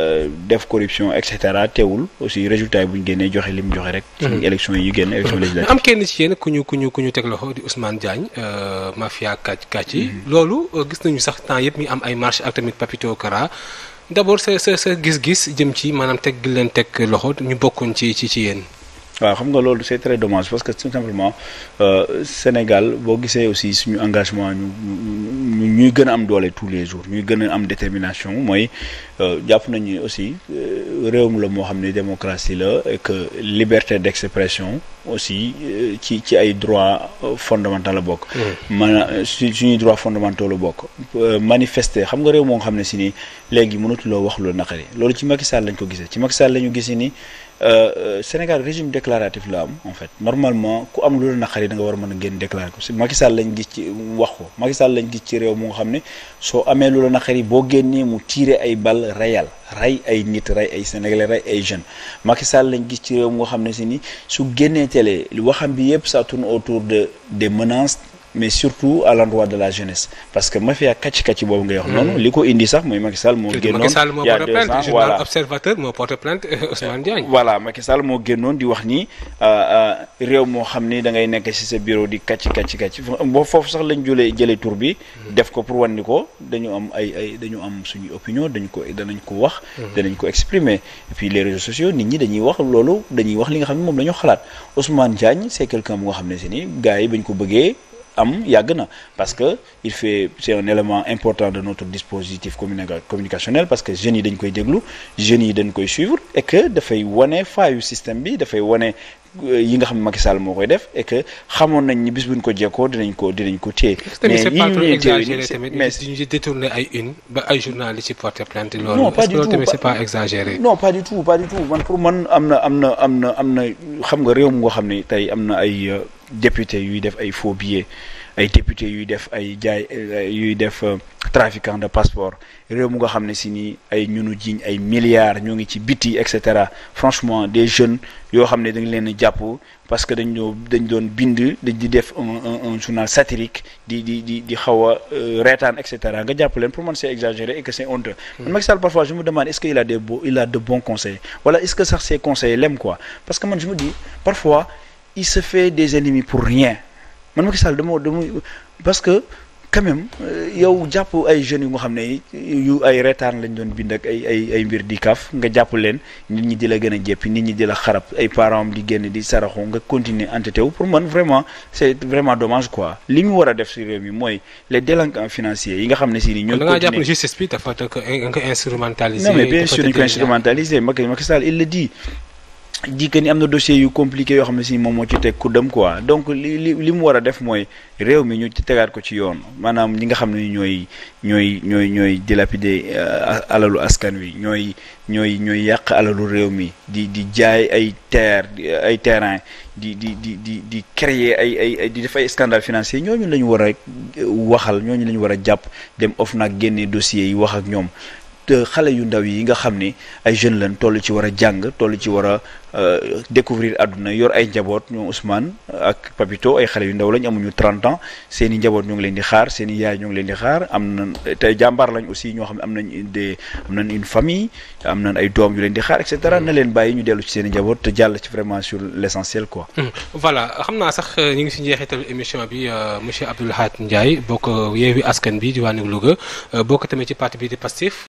Euh, def corruption et cetera teewul aussi résultat yi bu ñu génnee joxe li mu joxe rek. ci mhm. élection yi génn élection mhm. législative. am kenn ci yéen ku ñu ku ku ñu teg loxo di Ousmane Diagne euh, mafia kàcc kàcc yi. Mhm. loolu euh, gis nañu sax temps yëpp mi am ay marche ak tamit Papito Kara d'abord sa sa sa gis-gis jëm ci maanaam teg gi leen teg loxo ñu bokkoon ci ci ci yéen. waaw xam nga loolu c'est très dommage parce que tout simplement euh, Sénégal boo gisee aussi suñu engagement ñu ñuy gën a am doolee tous les jours ñuy gën a am détermination mooy euh, jàpp nañu aussi euh, réewum la moo xam ne démocratie la et que liberté d'expression aussi euh, ci ci ay droits euh, fondamentaux la bokk. maanaam suñuy droits fondamentaux la bokk. Euh, manifester xam nga réew moo nga xam ne si nii léegi mënatuloo wax lu naqari loolu ci Macky Sall lañ ko gisee ci Macky Sall la ñu gisee ni Sénégal régime déclaratif la am en fait normalement ku am lu la naqari da nga war a mën a génn déclarer ko si Macky Sall lañ gis ci wax ko Macky Sall lañ gis ci réew moo nga xam ne soo amee lu la naqari boo génnee mu tiire ay bal reyal. rey ay nit rey ay sénégalais rey ay jeunes Macky Sall lañ gis ci réew moo xam ne si ni su génnee télé waxam bi yëpp ça tourne autour de des menaces mais surtout à l'endroit de la jeunesse parce que mafia kàcc kàcc boobu ngay wax. Hmm. noonu li ko indi sax mooy Macky moo. génnoon Macky Sall moo porté plainte journal moo porté génnoon di wax nii euh, euh, réew moo xam ni da ngay nekk ci sa bureau di kàcc kàcc kàcc boo foofu sax lañ jëlee jëlee tur bi. Hmm. def ko pour wan ni ko dañu am ay ay dañu am suñu opinion dañu ko danañ ko wax. Hmm. danañ ko exprimer et puis les réseaux sociaux nit ñi dañuy wax loolu dañuy wax li nga xam ne moom la xalaat Ousmane Diagne c'est quelqu'un bu nga xam ne ni gars yi bañ ko bëggee am yàgg na parce que il fait c'est un élément important de notre dispositif communicationnel parce que jeunes yi dañ koy déglu jeunes yi dañ koy suivre et que dafay wane faayu système bi dafay wane euh, yi nga xam ne Macky Sall moo koy def et que xamoon nañ ni bis buñ ko jekkoo dinañ ko dinañ ko téye. mais yi ñu mais ñu détourné ay une ba ay journalistes yi porté plainte loolu. non pas du tout pas du tout man pour man am na am na am na am na xam nga réew mu nga xam ne tey am na ay. Euh, député yuy def ay faux billets ay député yuy def ay jaay euh, yuy def euh, trafiquant de passeport réew mu nga xam ne si ni ay ñunu jiiñ ay milliards ñoo ngi ci biti et cetera franchement des jeunes yoo xam ne dañ leen jàpp parce que dañ ñoo dañ doon bind dañ di def un un journal satirique di di di di xaw a euh, reetaan et cetera nga jàpp leen pour man c'est exagéré et que c'est honteux. man hmm. Macky Sall parfois je me demande est-ce que il a des bo il a de bons conseils wala est-ce que sax ses conseils lem quoi parce que man il se fait des ennemis pour rien man Macky Sall dama parce que quand même euh, yow jàpp ay jeune yu nga xam ne yu ay reetaan lañ doon bind ak ay ay ay mbir di kaaf nga jàpp leen nit ñi di la gën a jéppi nit ñi di la xarab ay parents am di génn di saraxu nga continuer entêté wu pour man vraiment c'est vraiment dommage quoi li mu war a def si réew mi mooy les délinquants financiers yi nga xam ne si ni ñooy continuer justice bi dafa nga instrumentaliser non mais bien di que ni am na dossier yu compliqué yoo xam ne si moom moo ci teg ku dem quoi donc li li li mu war a def mooy réew mi ñu tegaat ko ci yoon maanaam ñi nga xam ne ñooy ñooy ñooy ñooy dilapider euh, alalu askan wi ñooy ñooy ñooy yàq alalu réew mi di di jaay ay terre ay di di di di di créer ay ay ay di def ay scandale financier ñooñu la ñu war a waxal ñooñu la ñu war a jàpp dem OFNAC génne dossier yi wax ak ñoom xale yu ndaw yi nga xam ni ay jeunes lañ toll ci war a jàng toll ci war a euh, découvrir àdduna yor ay njaboot ñoom Ousmane ak Papito ay xale yu ndaw lañ amuñu 30 ans seen i njaboot ñu ngi leen di xaar seen i yaay ñu ngi leen di xaar am nañ tey jàmbaar lañ aussi ñoo xam ne am nañ ay doom yu leen di xaar et cetera mm. na leen bàyyi ñu dellu ci seen i njaboot te jàll ci vraiment sur l' essentiel quoi. Mm. voilà xam naa sax euh, ñu ngi si njeexital émission bi euh, monsieur Abdoul Ahad Ndiaye bokk Yewwi Askan bi diwaanu